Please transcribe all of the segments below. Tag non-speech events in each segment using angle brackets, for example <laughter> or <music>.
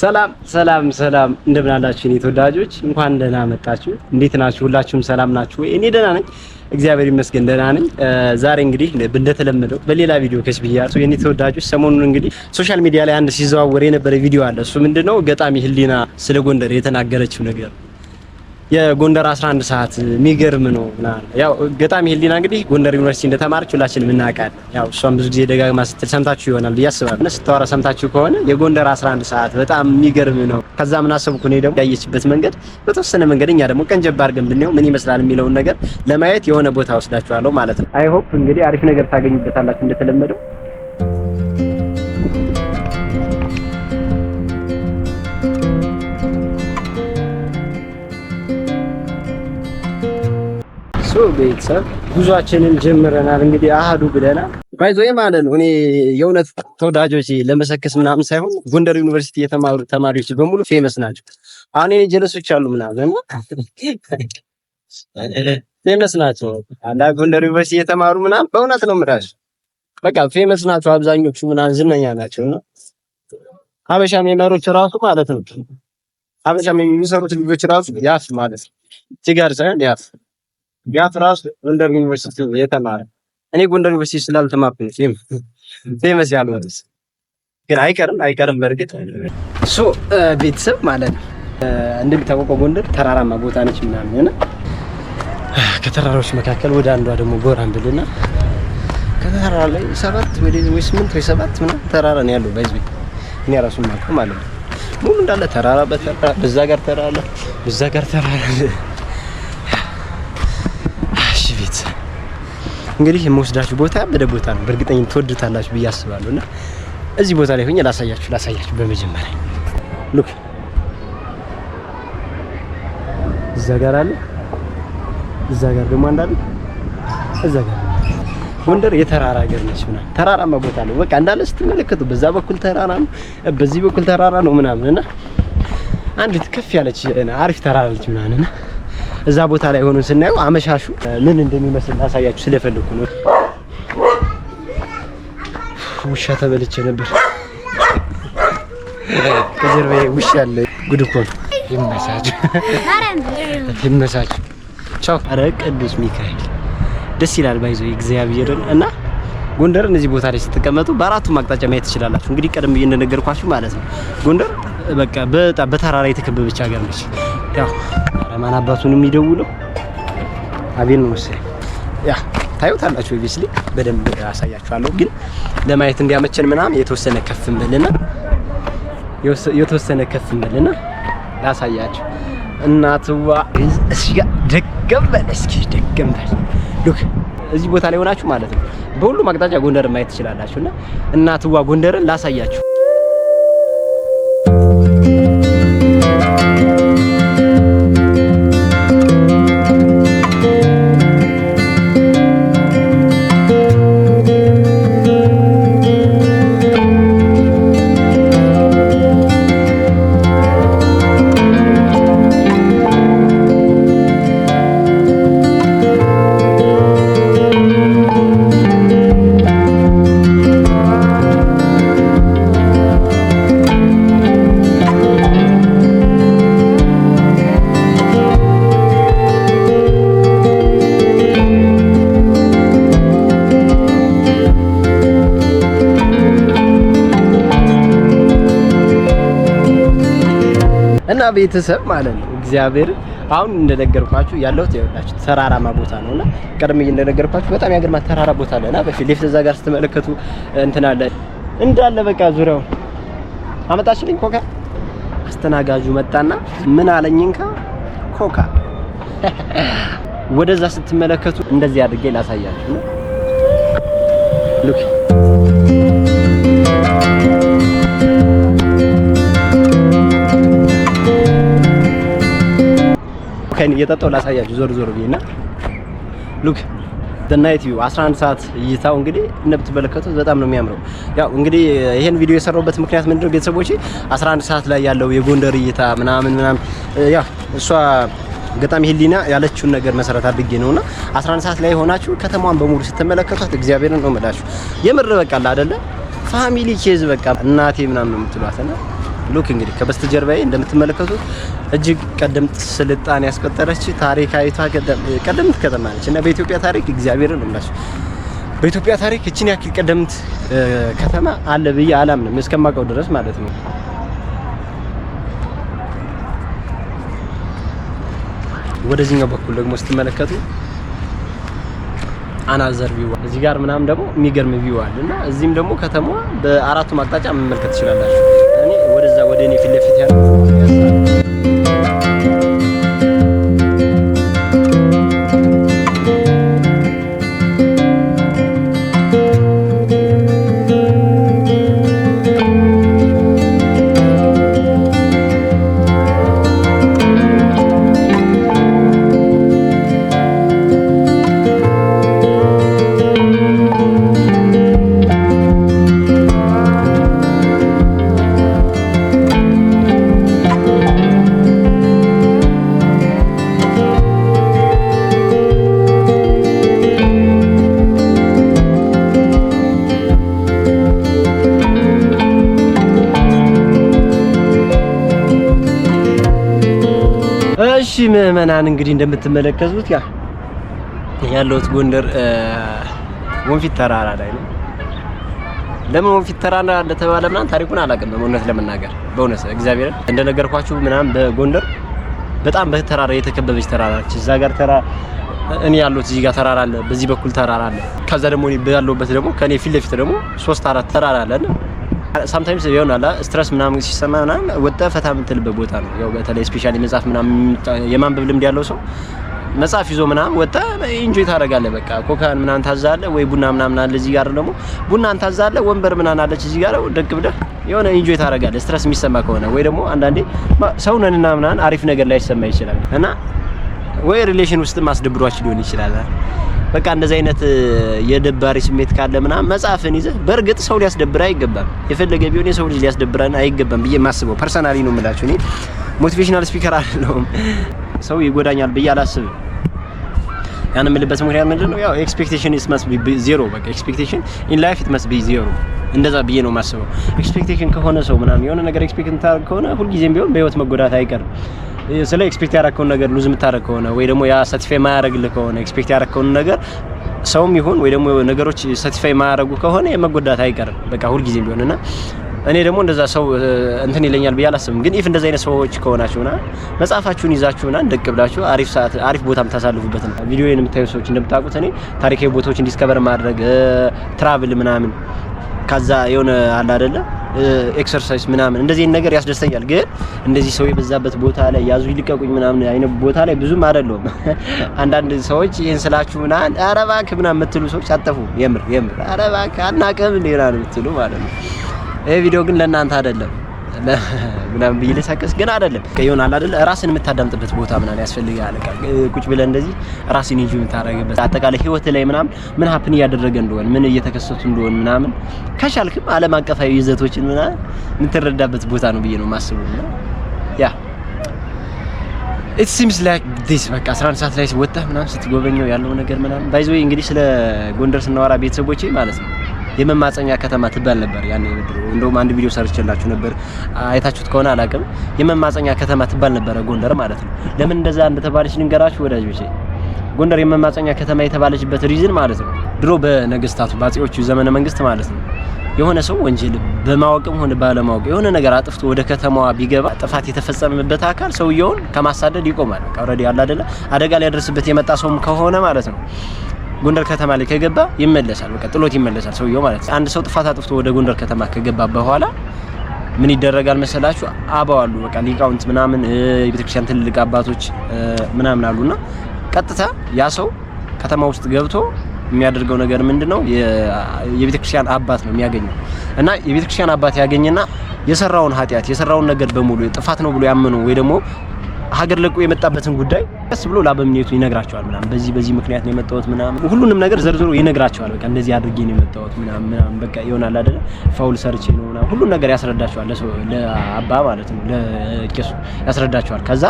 ሰላም ሰላም ሰላም እንደምን አላችሁ የኔ ተወዳጆች፣ እንኳን ደህና መጣችሁ። እንዴት ናችሁ? ሁላችሁም ሰላም ናችሁ ወይ? እኔ ደህና ነኝ፣ እግዚአብሔር ይመስገን ደህና ነኝ። ዛሬ እንግዲህ እንደተለመደው በሌላ ቪዲዮ ከች ብያለሁ የኔ ተወዳጆች። ሰሞኑን እንግዲህ ሶሻል ሚዲያ ላይ አንድ ሲዘዋወር የነበረ ቪዲዮ አለ። እሱ ምንድነው ገጣሚ ህሊና ስለ ጎንደር የተናገረችው ነገር የጎንደር 11 ሰዓት የሚገርም ነው። ያው ገጣሚ ህሊና እንግዲህ ጎንደር ዩኒቨርሲቲ እንደተማረች ሁላችንም እናውቃለን። ያው እሷም ብዙ ጊዜ ደጋግማ ስትል ሰምታችሁ ይሆናል ብዬ አስባለሁ። ስታወራ ሰምታችሁ ከሆነ የጎንደር 11 ሰዓት በጣም የሚገርም ነው። ከዛ ምን አሰብኩ እኔ ደግሞ ያየችበት መንገድ በተወሰነ መንገድ እኛ ደግሞ ቀንጀባ አድርገን ብንየው ምን ይመስላል የሚለውን ነገር ለማየት የሆነ ቦታ ወስዳችኋለሁ ማለት ነው። አይ ሆፕ እንግዲህ አሪፍ ነገር ታገኙበታላችሁ እንደተለመደው ቤተሰብ ጉዟችንን ጀምረናል። እንግዲህ አህዱ ብለናል ባይዞይ ማለት ነው። እኔ የእውነት ተወዳጆች ለመሰከስ ምናምን ሳይሆን ጎንደር ዩኒቨርሲቲ የተማሩ ተማሪዎች በሙሉ ፌመስ ናቸው። አሁን እኔ ጀለሶች አሉ ምናምን ፌመስ ናቸው። አንዳ ጎንደር ዩኒቨርሲቲ የተማሩ ምናምን በእውነት ነው ምራሽ በቃ ፌመስ ናቸው አብዛኞቹ ምናምን ዝነኛ ናቸው። እና ሀበሻ ሜመሮች ራሱ ማለት ነው ሀበሻ የሚሰሩት ልጆች ራሱ ያፍ ማለት ነው ጅጋር ሳይሆን ያፍ ቢያት ራሱ ጎንደር ዩኒቨርሲቲ የተማረ እኔ ጎንደር ዩኒቨርሲቲ ስላልተማርኩኝ ፌመስ ያልሆነስ ግን አይቀርም አይቀርም። በእርግጥ ሶ ቤተሰብ ማለት ነው። እንደሚታወቀው ጎንደር ተራራማ ቦታ ነች ምናምን እና ከተራራዎች መካከል ወደ አንዷ ደግሞ ጎራ ብልና ከተራራ ላይ ሰባት ወይ ስምንት ወይ ሰባት ምናምን ተራራ ነው ያለው። በህዝብ እኔ ራሱን ማለት ነው ሙሉ እንዳለ ተራራ በተራራ በዛ ጋር ተራራ በዛ ጋር ተራራ እንግዲህ የምወስዳችሁ ቦታ በደ ቦታ ነው። በእርግጠኝ ትወዱታላችሁ ብዬ አስባለሁ እና እዚህ ቦታ ላይ ሆኜ ላሳያችሁ ላሳያችሁ በመጀመሪያ ሉክ እዛ ጋር አለ፣ እዛ ጋር ደግሞ አንዳለ፣ እዛ ጋር ጎንደር የተራራ ሀገር ነች። ምናምን ተራራማ ቦታ ነው። በቃ እንዳለ ስትመለከቱ በዛ በኩል ተራራ ነው፣ በዚህ በኩል ተራራ ነው ምናምን እና አንዲት ከፍ ያለች አሪፍ ተራራ ነች ምናምን እና እዛ ቦታ ላይ ሆነን ስናየው አመሻሹ ምን እንደሚመስል ላሳያችሁ ስለፈለኩ ነው። ውሻ ተበልቼ ነበር። ከጀርባዬ ውሻ አለ። ጉድ እኮ ነው። ቻው። አረ ቅዱስ ሚካኤል ደስ ይላል። ባይዞ እግዚአብሔርን እና ጎንደር እነዚህ ቦታ ላይ ስትቀመጡ በአራቱም አቅጣጫ ማየት ትችላላችሁ። እንግዲህ ቀደም ብዬ እንደነገርኳችሁ ማለት ነው ጎንደር በቃ በጣም በተራራ የተከበበች ሀገር ነች። ያው ረማን አባቱን የሚደውለው አቤል ነው መሰለኝ። ያ ታዩታላችሁ። በደንብ አሳያችኋለሁ፣ ግን ለማየት እንዲያመቸን ምናምን የተወሰነ ከፍ እንበልና የተወሰነ ከፍ እንበልና ላሳያችሁ። እናትዋ እዚህ ጋር እስኪ ሉክ እዚህ ቦታ ላይ ሆናችሁ ማለት ነው በሁሉም አቅጣጫ ጎንደርን ማየት ትችላላችሁ። እና እናትዋ ጎንደርን ላሳያችሁ ቤተሰብ ማለት ነው። እግዚአብሔር አሁን እንደነገርኳችሁ ያለሁት ይኸውላችሁ ተራራማ ቦታ ነውና ቀድሜ እንደነገርኳችሁ በጣም ያገርማ ተራራ ቦታ አለና በፊት ሌፍት እዛ ጋር ስትመለከቱ እንትን አለ እንዳለ በቃ ዙሪያው አመጣችልኝ ኮካ። አስተናጋጁ መጣና ምን አለኝ እንካ ኮካ። ወደዛ ስትመለከቱ እንደዚህ አድርጌ ላሳያችሁ ሉክ ሻይን እየጠጣው ላሳያችሁ ዞር ዞር ብዬና ሉክ ናይት ቪው 11 ሰዓት እይታው እንግዲህ እንደምትመለከቱት በጣም ነው የሚያምረው። ያው እንግዲህ ይሄን ቪዲዮ የሰራሁበት ምክንያት ምንድነው ቤተሰቦች 11 ሰዓት ላይ ያለው የጎንደር እይታ ምናምን ምናምን ያው እሷ ገጣሚ ህሊና ያለችውን ነገር መሰረት አድርጌ ነውና 11 ሰዓት ላይ ሆናችሁ ከተማዋን በሙሉ ስትመለከቷት እግዚአብሔርን ነው የምላችሁ የምር በቃ አይደለ ፋሚሊ ኬዝ በቃ እናቴ ምናምን ነው የምትሏትና ሉክ እንግዲህ ከበስተጀርባዬ እንደምትመለከቱት እጅግ ቀደምት ስልጣኔ ያስቆጠረች ታሪካዊቷ ቀደምት ከተማ ነች እና በኢትዮጵያ ታሪክ እግዚአብሔርን እምላችሁ በኢትዮጵያ ታሪክ እችን ያክል ቀደምት ከተማ አለ ብዬ አላምንም እስከማውቀው ድረስ ማለት ነው። ወደዚህኛው በኩል ደግሞ ስትመለከቱ አናዘር ቪው እዚህ ጋር ምናምን ደግሞ የሚገርም ቪው አለ እና እዚህም ደግሞ ከተማዋ በአራቱም አቅጣጫ መመልከት ትችላላችሁ። ከዛ ወደ እኔ ፊት ለፊት ያለው እሺ ምዕመናን እንግዲህ እንደምትመለከቱት ያ ያለሁት ጎንደር ወንፊት ተራራ ላይ ነው። ለምን ወንፊት ተራራ እንደተባለ ምናምን ታሪኩን አላውቅም እውነት ለመናገር በእውነት እግዚአብሔር እንደነገርኳችሁ ምናምን በጎንደር በጣም በተራራ የተከበበች ተራራ ነች። እዛ ጋር ተራ እኔ ያለሁት እዚህ ጋር ተራራ አለ፣ በዚህ በኩል ተራራ አለ። ከዛ ደግሞ እኔ ያለሁበት ደግሞ ከኔ ፊት ለፊት ደግሞ ሶስት አራት ተራራ አለ። ሳምታይምስ ይሆናል ስትረስ ምናምን ሲሰማ ምናምን ወጣ ፈታ የምትልበት ቦታ ነው። ያው በተለይ ስፔሻሊ መጽሐፍ ምናምን የማንበብ ልምድ ያለው ሰው መጽሐፍ ይዞ ምናምን ወጣ ኢንጆይ ታደርጋለህ። በቃ ኮካን ምናምን ታዛለህ ወይ ቡና ምናምን አለ እዚህ ጋር ደግሞ ቡና ታዛለህ። ወንበር ምናምን አለች እዚህ ጋር ደቅ ብለህ የሆነ ኢንጆይ ታደርጋለህ። ስትረስ የሚሰማ ከሆነ ወይ ደግሞ አንዳንዴ ሰውነንና ምናምን አሪፍ ነገር ላይ ይሰማ ይችላል እና ወይ ሪሌሽን ውስጥ ማስደብሯችሁ ሊሆን ይችላል በቃ እንደዚህ አይነት የደባሪ ስሜት ካለ ምናምን መጽሐፍን ይዘህ በእርግጥ ሰው ሊያስደብር አይገባም። የፈለገ ቢሆን የሰው ልጅ ሊያስደብረን አይገባም ብዬ ማስበው ፐርሰናሊ ነው የምላችሁ። እኔ ሞቲቬሽናል ስፒከር አይደለሁም። ሰው ይጎዳኛል ብዬ አላስብም። ያን የምልበት ምክንያት ምንድን ነው? ያው ኤክስፔክቴሽን ኢስ መስት ቢ ዜሮ። በቃ ኤክስፔክቴሽን ኢን ላይፍ ኢት መስት ቢ ዜሮ። እንደዛ ብዬ ነው የማስበው። ኤክስፔክቴሽን ከሆነ ሰው ምናምን የሆነ ነገር ኤክስፔክት ታደርግ ከሆነ ሁልጊዜም ቢሆን በህይወት መጎዳት አይቀርም። ስለ ኤክስፔክት ያደረከውን ነገር ሉዝ የምታደረግ ከሆነ ወይ ደግሞ ያ ሰርቲፋይ ማያደረግልህ ከሆነ ኤክስፔክት ያደረከውን ነገር ሰውም ይሁን ወይ ደግሞ ነገሮች ሰርቲፋይ ማያደረጉ ከሆነ የመጎዳት አይቀርም በቃ ሁልጊዜም ቢሆንና እኔ ደግሞ እንደዛ ሰው እንትን ይለኛል ብዬ አላስብም። ግን ኢፍ እንደዚህ አይነት ሰዎች ከሆናችሁና መጽሐፋችሁን ይዛችሁና እንደቅ ብላችሁ አሪፍ ሰዓት አሪፍ ቦታ የምታሳልፉበት ነው። ቪዲዮ የምታዩ ሰዎች እንደምታውቁት እኔ ታሪካዊ ቦታዎች እንዲስከበር ማድረግ ትራቭል ምናምን ከዛ የሆነ አለ አይደለ ኤክሰርሳይዝ ምናምን እንደዚህ ነገር ያስደስተኛል። ግን እንደዚህ ሰው የበዛበት ቦታ ላይ ያዙ ይልቀቁኝ ምናምን አይነት ቦታ ላይ ብዙም አይደለሁም። <laughs> አንዳንድ ሰዎች ይህን ስላችሁ ምናምን ኧረ እባክህ ምናምን የምትሉ ሰዎች አጠፉ። የምር የምር ኧረ እባክህ አናውቅም ሌላ ነው የምትሉ ማለት ነው። ይህ ቪዲዮ ግን ለእናንተ አይደለም። <laughs> ምናምን ብዬ ልሳቀስ ግን አይደለም። ይሆናል አይደለ? ራስን የምታዳምጥበት ቦታ ምናምን ያስፈልጋል። ቁጭ ብለህ እንደዚህ ራስን እንጂ የምታደርግበት አጠቃላይ ህይወት ላይ ምናምን ምን ሀፕን እያደረገ እንደሆነ ምን እየተከሰቱ እንደሆነ ምናምን ከሻልክም ዓለም አቀፋዊ ይዘቶችን ምናምን የምትረዳበት ቦታ ነው ብዬ ነው የማስበው። ያ ኢት ሲምስ ላይክ ዲስ በቃ 11 ሰዓት ላይ ወጣህ ምናምን ስትጎበኘው ያለው ነገር ምናምን ባይ ዘ ወይ እንግዲህ ስለ ጎንደር ስናወራ ቤተሰቦቼ ማለት ነው የመማፀኛ ከተማ ትባል ነበር ያኔ የበድሮ። እንደውም አንድ ቪዲዮ ሰርችላችሁ ነበር አይታችሁት ከሆነ አላውቅም። የመማፀኛ ከተማ ትባል ነበረ ጎንደር ማለት ነው። ለምን እንደዛ እንደተባለች ልንገራችሁ ወዳጆቼ። ጎንደር የመማፀኛ ከተማ የተባለችበት ሪዝን ማለት ነው ድሮ በነገስታቱ በአፄዎቹ ዘመነ መንግስት ማለት ነው የሆነ ሰው ወንጀል በማወቅም ሆነ ባለማወቅ የሆነ ነገር አጥፍቶ ወደ ከተማዋ ቢገባ ጥፋት የተፈጸመበት አካል ሰውየውን ከማሳደድ ይቆማል። ቀረድ ያለ አደጋ ሊያደርስበት የመጣ ሰውም ከሆነ ማለት ነው ጎንደር ከተማ ላይ ከገባ ይመለሳል። በቃ ጥሎት ይመለሳል ሰውየው ማለት ነው። አንድ ሰው ጥፋት አጥፍቶ ወደ ጎንደር ከተማ ከገባ በኋላ ምን ይደረጋል መሰላችሁ? አበው አሉ በቃ ሊቃውንት ምናምን የቤተክርስቲያን ትልልቅ አባቶች ምናምን አሉና ቀጥታ ያ ሰው ከተማ ውስጥ ገብቶ የሚያደርገው ነገር ምንድነው? የቤተክርስቲያን አባት ነው የሚያገኘው እና የቤተክርስቲያን አባት ያገኘና የሰራውን ኃጢአት የሰራውን ነገር በሙሉ ጥፋት ነው ብሎ ያመኑ ወይ ደግሞ ሀገር ለቆ የመጣበትን ጉዳይ ቀስ ብሎ ላበምኔቱ ይነግራቸዋል። ምናምን በዚህ በዚህ ምክንያት ነው የመጣሁት ምናምን ሁሉንም ነገር ዘርዝሮ ይነግራቸዋል። በቃ እንደዚህ አድርጌ ነው የመጣሁት ምናምን ምናምን በቃ ይሆናል አይደለ ፋውል ሰርቼ ነው ምናምን ሁሉን ነገር ያስረዳቸዋል። ለሰው ለአባ ማለት ነው ለቄሱ ያስረዳቸዋል ከዛ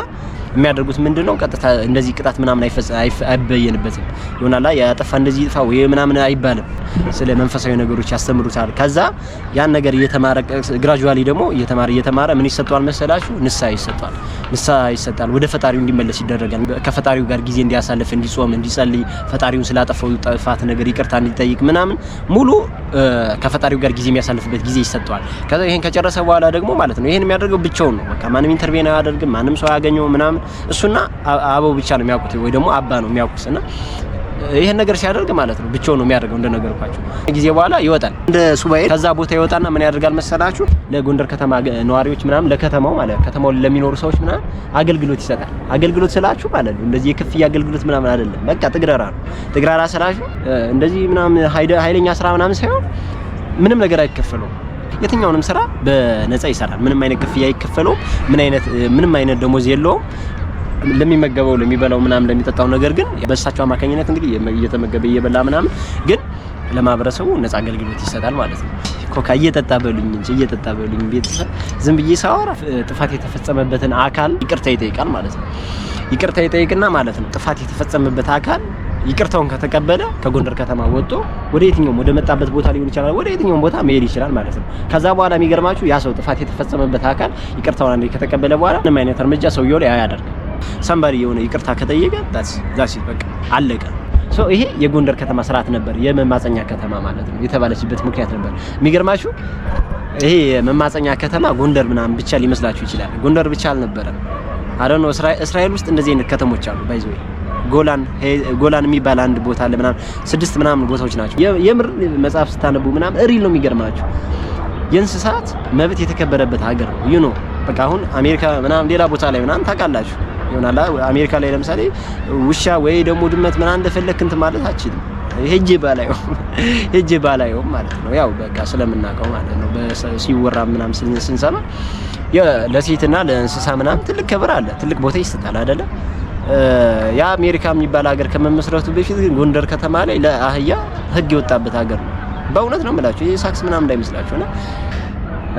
የሚያደርጉት ምንድነው? ቀጥታ እንደዚህ ቅጣት ምናምን አይበየንበትም ይሆናላ ያጠፋ እንደዚህ ይጥፋ ወይ ምናምን አይባልም። ስለ መንፈሳዊ ነገሮች ያስተምሩታል። ከዛ ያን ነገር እየተማረ ግራጁዋሊ ደግሞ እየተማረ እየተማረ ምን ይሰጠዋል መሰላችሁ? ንሳ ይሰጠዋል። ንሳ ይሰጣል። ወደ ፈጣሪው እንዲመለስ ይደረጋል። ከፈጣሪው ጋር ጊዜ እንዲያሳልፍ፣ እንዲጾም፣ እንዲጸልይ ፈጣሪውን ስላጠፋው ጥፋት ነገር ይቅርታ እንዲጠይቅ ምናምን ሙሉ ከፈጣሪው ጋር ጊዜ የሚያሳልፍበት ጊዜ ይሰጠዋል። ከዛ ይሄን ከጨረሰ በኋላ ደግሞ ማለት ነው ይሄን የሚያደርገው ብቻውን ነው። በቃ ማንም ኢንተርቬን አያደርግም፣ ማንም ሰው አያገኘው ምናምን እሱና አበው ብቻ ነው የሚያውቁት ወይ ደግሞ አባ ነው የሚያውቁት እና ይህን ነገር ሲያደርግ ማለት ነው ብቻው ነው የሚያደርገው። እንደነገርኳችሁ ጊዜ በኋላ ይወጣል እንደ ሱባኤ ከዛ ቦታ ይወጣና ምን ያደርጋል መሰላችሁ? ለጎንደር ከተማ ነዋሪዎች ምናምን፣ ለከተማው ማለት ከተማው ለሚኖሩ ሰዎች ምናምን አገልግሎት ይሰጣል። አገልግሎት ስላችሁ ማለት ነው እንደዚህ የክፍያ አገልግሎት ምናምን አይደለም። በቃ ጥግረራ ነው። ትግራራ ስላችሁ እንደዚህ ምናምን ኃይለኛ ስራ ምናምን ሳይሆን ምንም ነገር አይከፈለውም። የትኛውንም ስራ በነፃ ይሰራል። ምንም አይነት ክፍያ አይከፈለውም። ምን አይነት ምንም አይነት ደሞዝ የለውም። ለሚመገበው ለሚበላው ምናምን ለሚጠጣው ነገር ግን በእሳቸው አማካኝነት እንግዲህ እየተመገበ እየበላ ምናምን ግን ለማህበረሰቡ ነፃ አገልግሎት ይሰጣል ማለት ነው። ኮካ እየጠጣ በሉኝ እንጂ እየጠጣ በሉኝ ቤተሰብ ዝም ብዬ ሳወራ ጥፋት የተፈጸመበትን አካል ይቅርታ ይጠይቃል ማለት ነው። ይቅርታ ይጠይቅና ማለት ነው ጥፋት የተፈጸመበት አካል ይቅርታውን ከተቀበለ ከጎንደር ከተማ ወጥቶ ወደ የትኛውም ወደ መጣበት ቦታ ሊሆን ይችላል፣ ወደ የትኛውም ቦታ መሄድ ይችላል ማለት ነው። ከዛ በኋላ የሚገርማችሁ ያ ሰው ጥፋት የተፈጸመበት አካል ይቅርታውን ከተቀበለ በኋላ ምንም አይነት እርምጃ ሰውየው ላይ አያደርግም። ሰንበሪ የሆነ ይቅርታ ከጠየቀ ዛሲ በቃ አለቀ። ይሄ የጎንደር ከተማ ስርዓት ነበር፣ የመማፀኛ ከተማ ማለት ነው የተባለችበት ምክንያት ነበር። የሚገርማችሁ ይሄ የመማፀኛ ከተማ ጎንደር ምናምን ብቻ ሊመስላችሁ ይችላል። ጎንደር ብቻ አልነበረም። አረኖ እስራኤል ውስጥ እንደዚህ አይነት ከተሞች አሉ። ባይዘው ጎላን ጎላን የሚባል አንድ ቦታ አለ ምናምን ስድስት ምናምን ቦታዎች ናቸው። የምር መጽሐፍ ስታነቡ ምናምን ሪል ነው የሚገርማችሁ። የእንስሳት መብት የተከበረበት ሀገር ነው። ዩ ኖ በቃ አሁን አሜሪካ ምናምን ሌላ ቦታ ላይ ምናምን ታውቃላችሁ ይሆናል። አሜሪካ ላይ ለምሳሌ ውሻ ወይ ደግሞ ድመት ምናምን እንደፈለክ እንትን ማለት አችልም። ሄጄ ባላየው <laughs> ሄጄ ባላየው ማለት ነው። ያው በቃ ስለምናውቀው ማለት ነው። ሲወራ ምናምን ስንሰማ ለሴትና ለእንስሳ ምናምን ትልቅ ክብር አለ፣ ትልቅ ቦታ ይሰጣል አይደለ? ያ አሜሪካ የሚባል ሀገር ከመመስረቱ በፊት ግን ጎንደር ከተማ ላይ ለአህያ ህግ የወጣበት ሀገር ነው። በእውነት ነው የምላችሁ። ይሄ ሳክስ ምናምን እንዳይመስላችሁ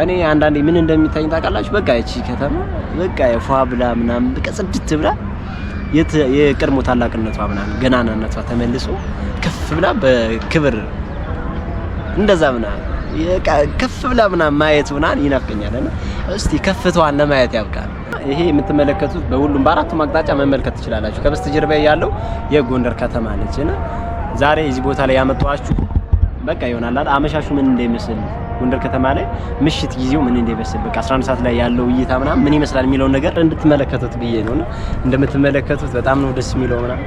እኔ አንዳንዴ ምን እንደሚታኝ ታውቃላችሁ? በቃ እቺ ከተማ በቃ የፏ ብላ ምናምን በቃ ጽድት ብላ የቀድሞ ታላቅነቷ ምናምን ገናናነቷ ተመልሶ ከፍ ብላ በክብር እንደዛ ምናምን ከፍ ብላ ምናምን ማየት ምናምን ይናፍቀኛል። እና እስቲ ከፍታዋን ለማየት ያብቃል። ይሄ የምትመለከቱት በሁሉም በአራቱም አቅጣጫ መመልከት ትችላላችሁ። ከበስተጀርባ ያለው የጎንደር ከተማ ነች እና ዛሬ እዚህ ቦታ ላይ ያመጣኋችሁ በቃ ይሆናል አመሻሹ ምን እንደሚመስል ጎንደር ከተማ ላይ ምሽት ጊዜው ምን እንደሚመስል በቃ 11 ሰዓት ላይ ያለው እይታ ምናምን ምን ይመስላል የሚለውን ነገር እንድትመለከቱት ብዬ ነው እና እንደምትመለከቱት በጣም ነው ደስ የሚለው ምናምን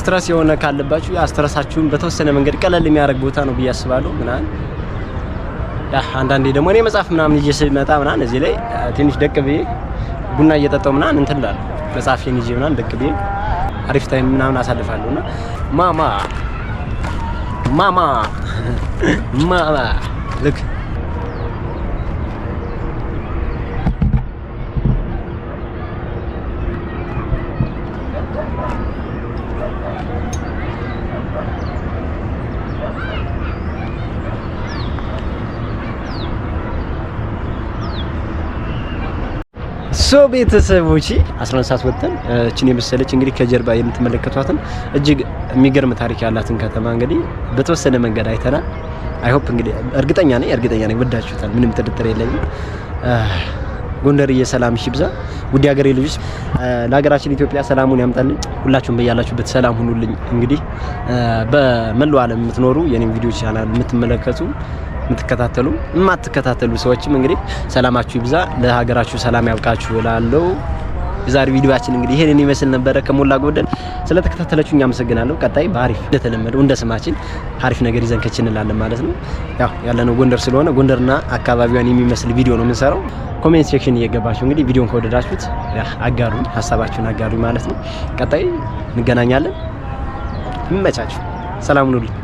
ስትረስ የሆነ ካለባችሁ ያ ስትረሳችሁን በተወሰነ መንገድ ቀለል የሚያደርግ ቦታ ነው ብዬ አስባለሁ ምናምን አንዳንዴ ደግሞ እኔ መጽሐፍ ምናምን ይዤ ስመጣ ምናምን እዚህ ላይ ትንሽ ደቅ ብዬ ቡና እየጠጣው ምናምን እንትን እላለሁ መጽሐፌን ይዤ ምናምን ደቅ ብዬ አሪፍ ታይም ምናምን አሳልፋለሁ እና ማማ Mama. <laughs> Mama. Look. ሶ ቤተሰቦች 11 ሰዓት ወጥተን እችን የመሰለች እንግዲህ ከጀርባ የምትመለከቷትን እጅግ የሚገርም ታሪክ ያላትን ከተማ እንግዲህ በተወሰነ መንገድ አይተናል። አይሆፕ እንግዲህ እርግጠኛ ነኝ እርግጠኛ ነኝ ወዳችሁታል። ምንም ጥርጥር የለኝም። ጎንደርዬ ሰላም ሺ ብዛ። ውድ ሀገሬ ልጆች ለሀገራችን ኢትዮጵያ ሰላሙን ያምጣልኝ። ሁላችሁም በያላችሁበት ሰላም ሁኑልኝ። እንግዲህ በመላው ዓለም የምትኖሩ የኔም ቪዲዮ ቻናል የምትመለከቱ የምትከታተሉ የማትከታተሉ ሰዎችም እንግዲህ ሰላማችሁ ይብዛ፣ ለሀገራችሁ ሰላም ያብቃችሁ እላለሁ። የዛሬ ቪዲዮአችን እንግዲህ ይሄንን ይመስል ነበረ ከሞላ ጎደል። ስለተከታተላችሁ እኛ አመሰግናለሁ። ቀጣይ በአሪፍ እንደተለመደው እንደ ስማችን አሪፍ ነገር ይዘን ከች እንላለን ማለት ነው። ያው ያለነው ጎንደር ስለሆነ ጎንደርና አካባቢዋን የሚመስል ቪዲዮ ነው የምንሰራው። ኮሜንት ሴክሽን እየገባችሁ እንግዲህ ቪዲዮን ከወደዳችሁት አጋሩኝ፣ ሀሳባችሁን አጋሩኝ ማለት ነው። ቀጣይ እንገናኛለን። ይመቻችሁ። ሰላም ኑልኝ።